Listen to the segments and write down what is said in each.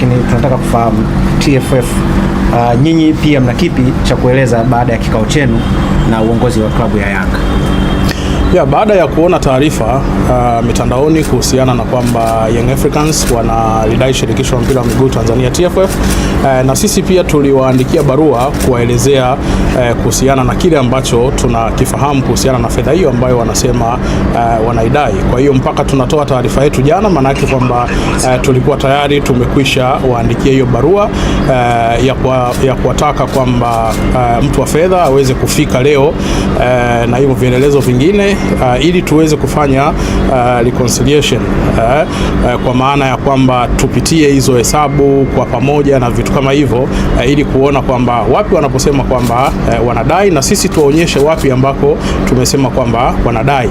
lakini tunataka kufahamu TFF, uh, nyinyi pia mna kipi cha kueleza baada ya kikao chenu na uongozi wa klabu ya Yanga? Ya, baada ya kuona taarifa uh, mitandaoni kuhusiana na kwamba Young Africans wanalidai shirikisho la mpira wa miguu Tanzania TFF, uh, na sisi pia tuliwaandikia barua kuwaelezea uh, kuhusiana na kile ambacho tunakifahamu kuhusiana na fedha hiyo ambayo wanasema uh, wanaidai. Kwa hiyo mpaka tunatoa taarifa yetu jana, maana yake kwamba uh, tulikuwa tayari tumekwisha waandikia hiyo barua uh, ya kuwataka kwamba uh, mtu wa fedha aweze kufika leo uh, na hivyo vielelezo vingine uh, ili tuweze kufanya uh, reconciliation uh, uh, kwa maana ya kwamba tupitie hizo hesabu kwa pamoja na vitu kama hivyo uh, ili kuona kwamba wapi wanaposema kwamba uh, wanadai na sisi tuwaonyeshe wapi ambako tumesema kwamba wanadai,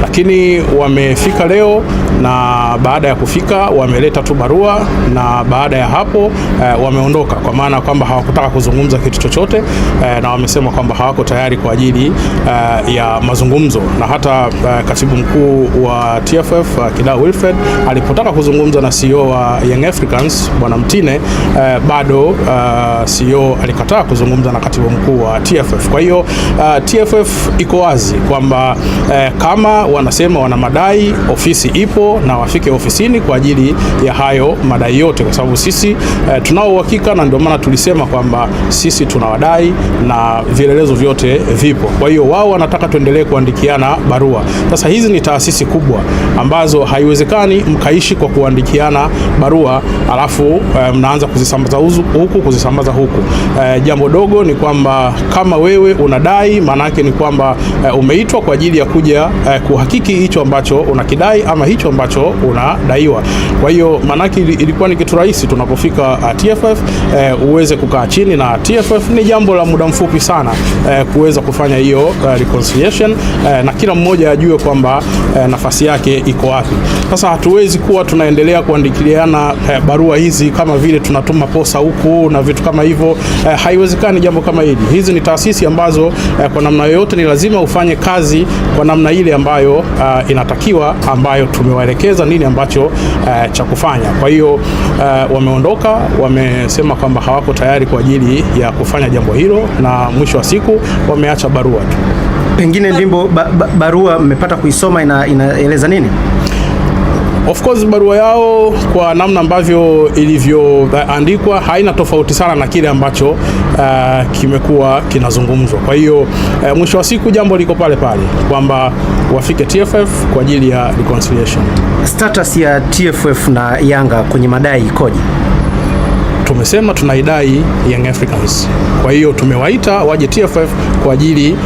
lakini wamefika leo na baada ya kufika wameleta tu barua, na baada ya hapo eh, wameondoka, kwa maana kwamba hawakutaka kuzungumza kitu chochote eh, na wamesema kwamba hawako tayari kwa ajili eh, ya mazungumzo, na hata eh, katibu mkuu wa TFF eh, Kidau Wilfred alipotaka kuzungumza na CEO wa Young Africans bwana Mtine eh, bado eh, CEO alikataa kuzungumza na katibu mkuu wa TFF. Kwa hiyo eh, TFF iko wazi kwamba eh, kama wanasema wana madai, ofisi ipo wapo na wafike ofisini kwa ajili ya hayo madai yote, kwa sababu sisi eh, tunao uhakika, na ndio maana tulisema kwamba sisi tunawadai na vielelezo vyote vipo. Kwa hiyo wao wanataka tuendelee kuandikiana barua. Sasa hizi ni taasisi kubwa ambazo haiwezekani mkaishi kwa kuandikiana barua alafu eh, mnaanza kuzisambaza huku kuzisambaza huku. Eh, jambo dogo ni kwamba kama wewe unadai, maana yake ni kwamba eh, umeitwa kwa ajili ya kuja eh, kuhakiki hicho ambacho unakidai ama hicho ambacho unadaiwa. Kwa hiyo maanake ilikuwa ni kitu rahisi tunapofika uh, TFF e, uh, uweze kukaa chini na TFF. Ni jambo la muda mfupi sana e, kuweza kufanya hiyo e, reconciliation e, na kila mmoja ajue kwamba e, nafasi yake iko wapi. Sasa hatuwezi kuwa tunaendelea kuandikiliana e, barua hizi kama vile tunatuma posa huku na vitu kama hivyo e, haiwezekani jambo kama hili. Hizi ni taasisi ambazo e, kwa namna yoyote ni lazima ufanye kazi kwa namna ile ambayo e, inatakiwa ambayo tumewa kuwaelekeza nini ambacho uh, cha kufanya. Kwa hiyo uh, wameondoka, wamesema kwamba hawako tayari kwa ajili ya kufanya jambo hilo, na mwisho wa siku wameacha barua tu. Pengine ndimbo ba, ba, barua mmepata kuisoma, inaeleza ina nini? Of course barua yao kwa namna ambavyo ilivyoandikwa haina tofauti sana na kile ambacho uh, kimekuwa kinazungumzwa. Kwa hiyo uh, mwisho wa siku jambo liko pale pale kwamba wafike TFF kwa ajili ya reconciliation. Status ya TFF na Yanga kwenye madai ikoje? tumesema tunaidai Young Africans. Kwa hiyo tumewaita waje TFF kwa ajili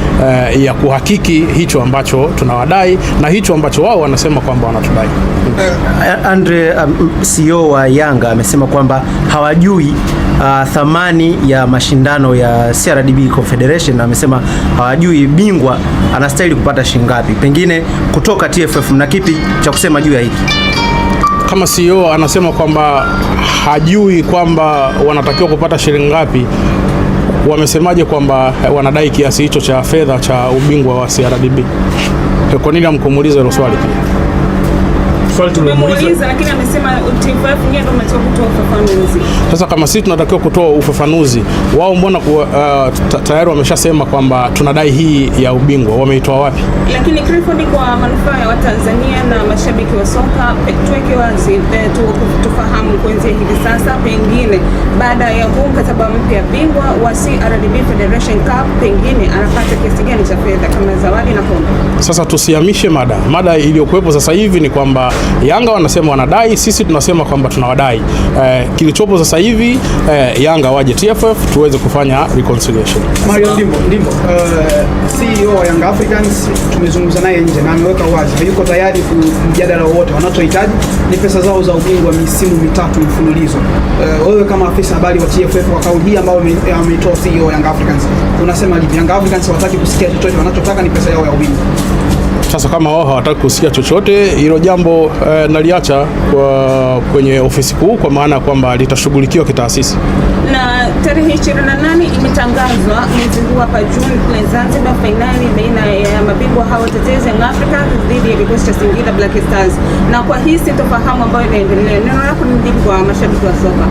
uh, ya kuhakiki hicho ambacho tunawadai na hicho ambacho wao wanasema kwamba wanatudai. Eh, Andre, um, CEO wa Yanga amesema kwamba hawajui uh, thamani ya mashindano ya CRDB Confederation, na amesema hawajui bingwa anastahili kupata shilingi ngapi. Pengine kutoka TFF mna kipi cha kusema juu ya hiki? kama CEO anasema kwamba hajui kwamba wanatakiwa kupata shilingi ngapi, wamesemaje kwamba wanadai kiasi hicho cha fedha cha ubingwa wa CRDB? Kwa nini amkumuliza hilo swali pia? Sasa kama sisi tunatakiwa kutoa ufafanuzi wao, mbona uh, tayari wameshasema kwamba tunadai hii ya ubingwa, wameitoa wapi? Lakini Clifford, kwa manufaa ya Watanzania na mashabiki wa soka, tuweke wazi eh, tu, tufahamu kuanzia hivi sasa, pengine baada ya huu mkataba mpya, bingwa wa CRDB Federation Cup pengine anapata kiasi gani cha fedha kama zawadi na kombe. Sasa tusihamishe mada, mada iliyokuwepo sasa hivi ni kwamba Yanga wanasema wanadai, sisi tunasema kwamba tunawadai. Eh, kilichopo sasa hivi eh, Yanga waje TFF tuweze kufanya reconciliation. Mario Ndimbo, Ndimbo, uh, eh, CEO wa Young Africans tumezungumza naye nje na ameweka wazi hayuko tayari kumjadala wote, wanachohitaji ni pesa zao za ubingwa misimu mitatu mfululizo. Uh, wewe kama afisa habari wa TFF wa kauli hii ambayo ameitoa CEO wa Young Africans unasema lipi? Young Africans hawataki kusikia chochote, wanachotaka ni pesa yao ya ubingwa. Sasa kama wao hawataki kusikia chochote, hilo jambo e, naliacha kwa kwenye ofisi kuu, kwa maana kwamba litashughulikiwa kitaasisi. Na tarehe 28 imetangazwa mwezi huu hapa Juni kule Zanzibar, fainali baina ya mabingwa hao watetezi Young Africa dhidi ya kikosi cha Singida Black Stars, na kwa hii sintofahamu ambayo inaendelea, neno lako ni mjibu kwa mashabiki wa soka?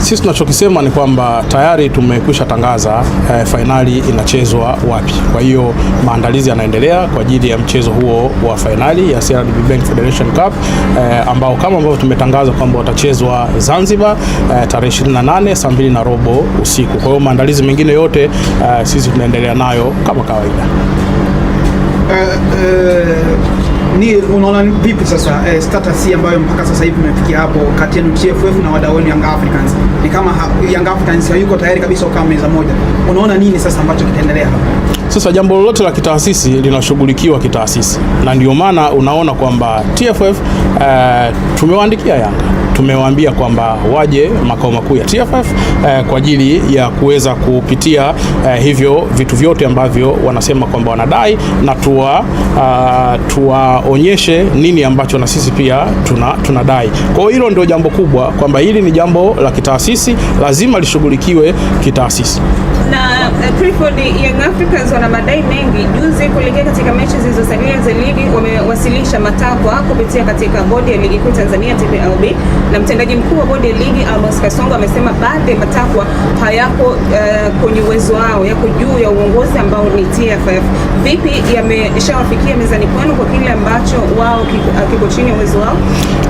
Sisi tunachokisema ni kwamba tayari tumekwisha tangaza eh, fainali inachezwa wapi. Kwa hiyo maandalizi yanaendelea kwa ajili ya mchezo huo wa fainali ya CRDB Bank Federation Cup eh, ambao kama ambavyo tumetangaza kwamba watachezwa Zanzibar eh, tarehe 28 saa mbili na robo usiku. Kwa hiyo maandalizi mengine yote eh, sisi tunaendelea nayo kama kawaida. Eh, eh, ni unaona vipi sasa eh, status hii ambayo mpaka sasa hivi umefikia hapo kati ya TFF na wadau wenu Young Africans? Ni kama Young Africans hayuko tayari kabisa kukaa meza moja. Unaona nini sasa ambacho kitaendelea hapa? Sasa jambo lolote la kitaasisi linashughulikiwa kitaasisi, na ndio maana unaona kwamba TFF eh, tumewaandikia Yanga tumewaambia kwamba waje makao makuu ya TFF eh, kwa ajili ya kuweza kupitia eh, hivyo vitu vyote ambavyo wanasema kwamba wanadai na tuwa uh, tuwaonyeshe nini ambacho na sisi pia tuna tunadai. Kwa hiyo hilo ndio jambo kubwa, kwamba hili ni jambo la kitaasisi, lazima lishughulikiwe kitaasisi na Clifford, Young Africans wana madai mengi. Juzi kuelekea katika mechi zilizosalia za ligi wamewasilisha matakwa kupitia katika bodi ya ligi kuu Tanzania TPLB, na mtendaji mkuu wa bodi ya ligi Amos Kasongo amesema baadhi ya matakwa hayako uh, eh, kwenye uwezo wao, yako juu ya uongozi ambao ni TFF. Vipi yameshawafikia mezani kwenu kwa kile ambacho wao kiko eh, chini ya uwezo wao?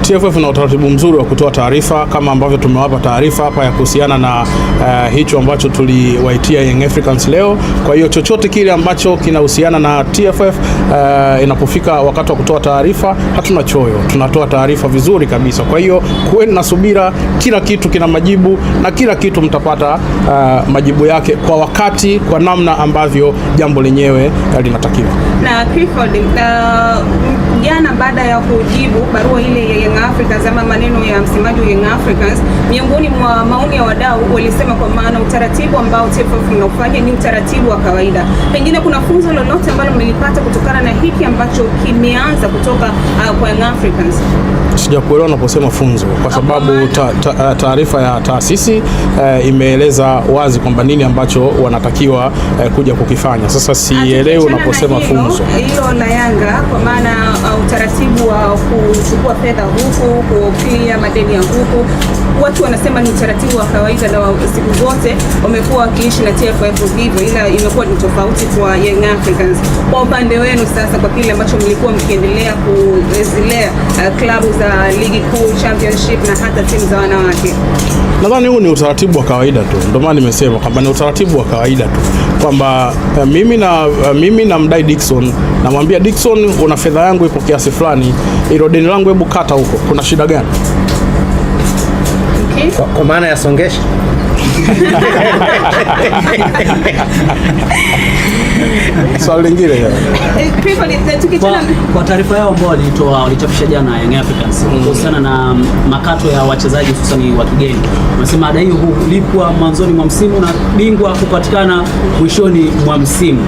TFF na utaratibu mzuri wa kutoa taarifa kama ambavyo tumewapa taarifa hapa ya kuhusiana na uh, hicho ambacho tuliwaitia Young Africans leo. Kwa hiyo chochote kile ambacho kinahusiana na TFF uh, eh, inapofika wakati wa kutoa taarifa hatuna choyo, tunatoa taarifa vizuri kabisa. Kwa hiyo kuweni na subira, kila kitu kina majibu na kila kitu mtapata uh, majibu yake kwa wakati, kwa namna ambavyo jambo lenyewe eh, linatakiwa. Na Clifford, uh, jana baada ya kujibu barua ile ya Young Africans ama maneno ya msemaji wa Young Africans, miongoni mwa maoni ya wadau walisema kwa maana utaratibu ambao TFF kufanya, ni utaratibu wa kawaida. Pengine kuna funzo lolote ambalo mmelipata kutokana na hiki ambacho kimeanza kutoka uh, kwa Young Africans? sijakuelewa unaposema funzo, kwa sababu eh, taarifa ta, ya taasisi e, imeeleza wazi kwamba nini ambacho wanatakiwa e, kuja kukifanya. Sasa sielewi unaposema funzo hilo na Yanga, kwa maana uh, utaratibu wa kuchukua fedha huku kuopia madeni ya huku, watu wanasema ni utaratibu wa kawaida na siku zote wamekuwa wakiishi na TFF hivyo, ila imekuwa ni tofauti kwa Young Africans. Kwa upande wenu sasa, kwa kile ambacho mlikuwa mkiendelea kuzilea uh, klabu za ligi kuu championship na hata timu za wanawake. Nadhani huu ni utaratibu wa kawaida tu, ndio maana nimesema kwamba ni utaratibu wa kawaida tu kwamba eh, mimi na eh, mimi mdai Dickson, namwambia Dickson, una fedha yangu ipo kiasi fulani, ilo deni langu hebu kata huko, kuna shida gani? Okay. Kwa maana ya songesha swali lingine eh, eh, kwa taarifa yao ambao walitoa walichapisha jana Young Africans mm. kuhusiana na mm, makato ya wachezaji hususani wa kigeni, wanasema ada hiyo hulipwa mwanzoni mwa msimu na bingwa kupatikana mwishoni mwa msimu.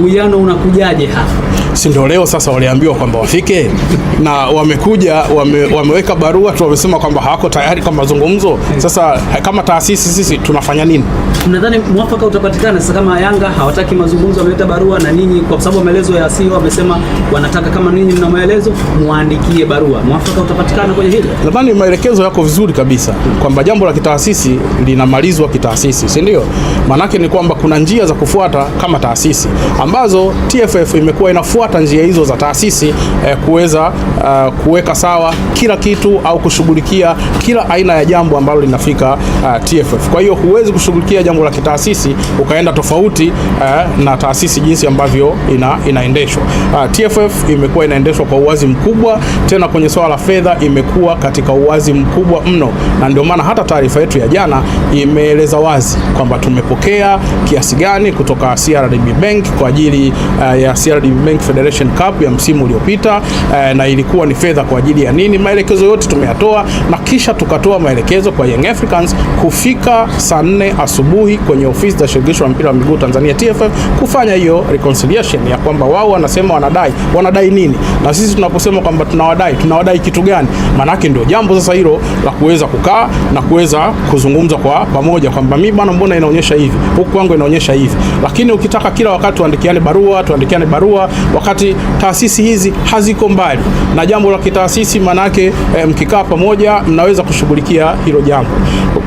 Uwiano unakujaje hapa? Si ndio leo sasa waliambiwa kwamba wafike na wamekuja wame, wameweka barua tu, wamesema kwamba hawako tayari kwa mazungumzo. Mm. Sasa eh, kama taasisi sisi tunafanya nini? nadhani mwafaka utapatikana sasa kama Yanga hawataki mazungumzo, wameleta barua na ninyi, kwa sababu maelezo ya CEO amesema wanataka kama ninyi mna maelezo muandikie barua. Mwafaka utapatikana kwenye hilo. Nadhani maelekezo yako vizuri kabisa kwamba jambo la kitaasisi linamalizwa kitaasisi, si ndio? Maanake ni kwamba kuna njia za kufuata kama taasisi ambazo TFF imekuwa inafuata njia hizo za taasisi eh, kuweza uh, kuweka sawa kila kitu au kushughulikia kila aina ya jambo ambalo linafika uh, eh, TFF. Kwa hiyo huwezi kushughulikia jambo la kitaasisi ukaenda tofauti uh, na taasisi jinsi ambavyo ina, inaendeshwa. Uh, ah, TFF imekuwa inaendeshwa kwa uwazi mkubwa, tena kwenye swala la fedha imekuwa katika uwazi mkubwa mno, na ndio maana hata taarifa yetu ya jana imeeleza wazi kwamba tumepokea kiasi gani kutoka CRDB Bank kwa ajili uh, ya CRDB Bank Federation Cup ya msimu uliopita uh, na ilikuwa ni fedha kwa ajili ya nini. Maelekezo yote tumeyatoa na kisha tukatoa maelekezo kwa Young Africans kufika saa nne asubuhi kwenye ofisi za shirikisho la mpira wa miguu Tanzania TFF kufanya hiyo reconciliation ya kwamba wao wanasema wanadai, wanadai nini, na sisi tunaposema kwamba tunawadai, tunawadai kitu gani? Maanake ndio jambo sasa hilo la kuweza kukaa na kuweza kuzungumza kwa pamoja kwamba mimi bwana, mbona inaonyesha hivi huku kwangu inaonyesha hivi. Lakini ukitaka kila wakati tuandikiane barua, tuandikiane barua, wakati taasisi hizi haziko mbali na jambo la kitaasisi, maanake eh, mkikaa pamoja mnaweza kushughulikia hilo jambo.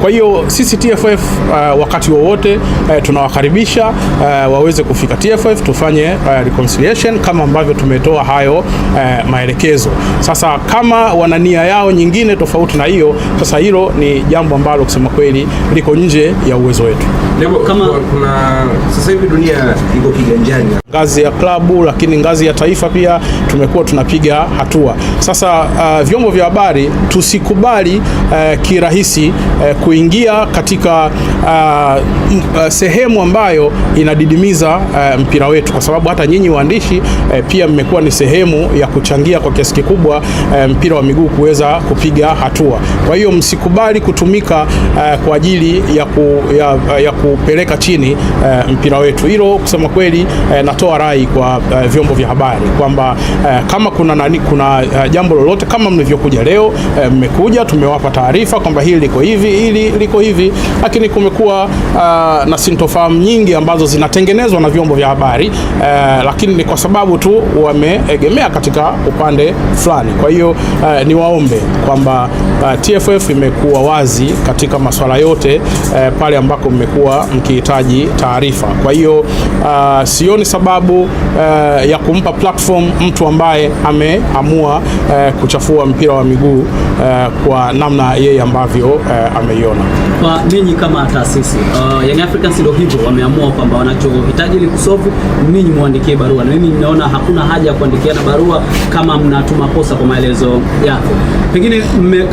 Kwa hiyo sisi TFF uh, eh, wakati wowote uh, tunawakaribisha uh, waweze kufika TFF tufanye uh, reconciliation kama ambavyo tumetoa hayo uh, maelekezo. Sasa kama wana nia yao nyingine tofauti na hiyo, sasa hilo ni jambo ambalo kusema kweli liko nje ya uwezo wetu. Kama kuna sasa hivi dunia iko kiganjani, ngazi ya klabu, lakini ngazi ya taifa pia tumekuwa tunapiga hatua. Sasa uh, vyombo vya habari tusikubali uh, kirahisi uh, kuingia katika uh, uh, sehemu ambayo inadidimiza uh, mpira wetu wetu, kwa sababu hata nyinyi waandishi e, pia mmekuwa ni sehemu ya kuchangia kwa kiasi kikubwa e, mpira wa miguu kuweza kupiga hatua. Kwa hiyo msikubali kutumika e, kwa ajili ya, ku, ya, ya kupeleka chini e, mpira wetu. Hilo kusema kweli e, natoa rai kwa e, vyombo vya habari kwamba e, kama kuna nani, kuna e, jambo lolote kama mlivyokuja leo e, mmekuja tumewapa taarifa kwamba hili liko hivi, hili liko hivi, lakini kumekuwa ah, na sintofahamu nyingi ambazo zinatengenezwa na vyombo vya habari tayari eh, lakini ni kwa sababu tu wameegemea katika upande fulani. Kwa hiyo eh, niwaombe kwamba eh, TFF imekuwa wazi katika masuala yote eh, pale ambako mmekuwa mkihitaji taarifa. Kwa hiyo eh, sioni sababu eh, ya kumpa platform mtu ambaye ameamua eh, kuchafua mpira wa miguu eh, kwa namna yeye ambavyo eh, ameiona. Kwa ninyi kama taasisi uh, Young Africans ndio hivyo wameamua kwamba wanachohitaji ni kusofu ninyi mwandikie barua, na mimi ninaona hakuna haja ya kuandikiana barua kama mnatuma posa kwa maelezo yako. Pengine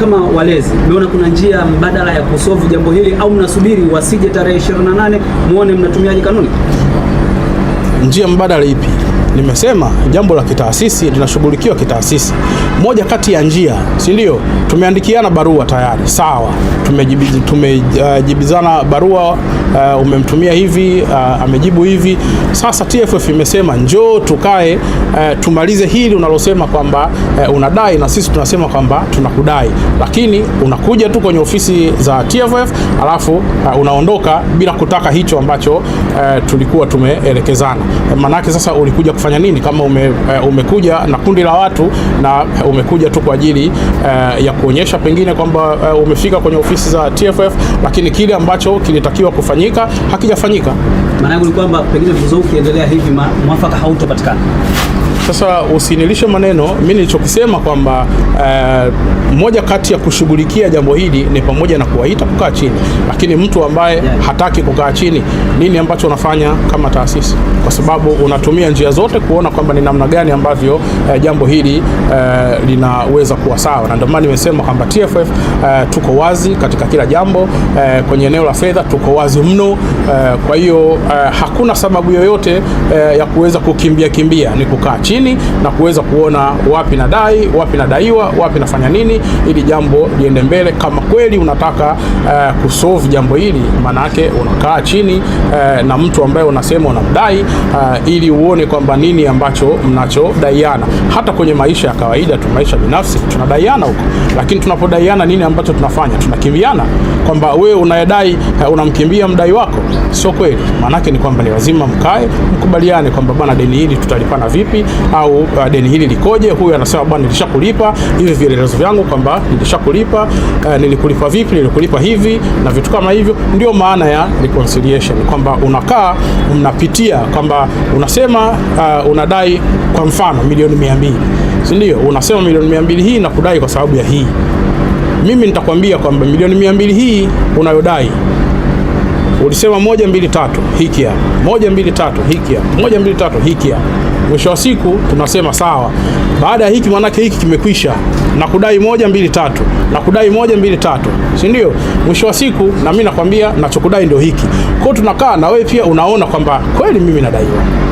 kama walezi mmeona kuna njia mbadala ya kusolve jambo hili, au mnasubiri wasije tarehe 28 muone mnatumiaje kanuni? Njia mbadala ipi? Nimesema jambo la kitaasisi linashughulikiwa kitaasisi moja kati ya njia, si ndio? Tumeandikiana barua tayari, sawa, tumejibizana uh, barua uh, umemtumia hivi uh, amejibu hivi. Sasa TFF imesema njoo tukae, uh, tumalize hili unalosema kwamba uh, unadai na sisi tunasema kwamba tunakudai, lakini unakuja tu kwenye ofisi za TFF alafu uh, unaondoka bila kutaka hicho ambacho uh, tulikuwa tumeelekezana. Maanake sasa ulikuja kufanya nini kama ume, uh, umekuja na kundi la watu na uh, umekuja tu kwa ajili uh, ya kuonyesha pengine kwamba uh, umefika kwenye ofisi za TFF, lakini kile ambacho kilitakiwa kufanyika hakijafanyika. Maana ni kwamba pengine mzozo ukiendelea hivi mwafaka hautopatikana. Sasa usinilishe maneno, mimi nilichokisema kwamba uh, moja kati ya kushughulikia jambo hili ni pamoja na kuwaita kukaa chini, lakini mtu ambaye hataki kukaa chini, nini ambacho unafanya kama taasisi? Kwa sababu unatumia njia zote kuona kwamba ni namna gani ambavyo uh, jambo hili uh, linaweza kuwa sawa, na ndio maana nimesema kwamba TFF uh, tuko wazi katika kila jambo uh, kwenye eneo la fedha tuko wazi mno uh, kwa hiyo uh, hakuna sababu yoyote uh, ya kuweza kukimbia kimbia, ni kukaa chini chini na kuweza kuona wapi nadai, wapi nadaiwa, wapi nafanya nini, ili jambo liende mbele. Kama kweli unataka eh, kusolve jambo hili, maana yake unakaa chini eh, na mtu ambaye unasema unamdai eh, ili uone kwamba nini ambacho mnachodaiana. Hata kwenye maisha ya kawaida tu, maisha binafsi tunadaiana huko, lakini tunapodaiana, nini ambacho tunafanya? Tunakimbiana kwamba wewe unayedai uh, unamkimbia mdai wako. Sio kweli. Maanake ni kwamba ni lazima mkae mkubaliane kwamba bana, deni hili tutalipana vipi? au uh, deni hili likoje? Huyu anasema bwana, nilishakulipa hivi vielelezo vyangu kwamba nilishakulipa, uh, nilikulipa vipi, nilikulipa hivi na vitu kama hivyo. Ndio maana ya reconciliation, kwamba unakaa mnapitia, kwamba unasema uh, unadai kwa mfano milioni mia mbili, si ndio? Unasema milioni mia mbili hii nakudai kwa sababu ya hii. Mimi nitakwambia kwamba milioni mia mbili hii unayodai ulisema moja mbili tatu, hiki hapa, moja mbili tatu, hiki hapa, moja mbili tatu, hiki hapa. Mwisho wa siku tunasema sawa, baada ya hiki manake hiki kimekwisha, na kudai moja mbili tatu, na kudai moja mbili tatu, si ndio? Mwisho wa siku na mimi nakwambia nachokudai ndio hiki. Kwa hiyo tunakaa na wewe pia unaona kwamba kweli mimi nadaiwa.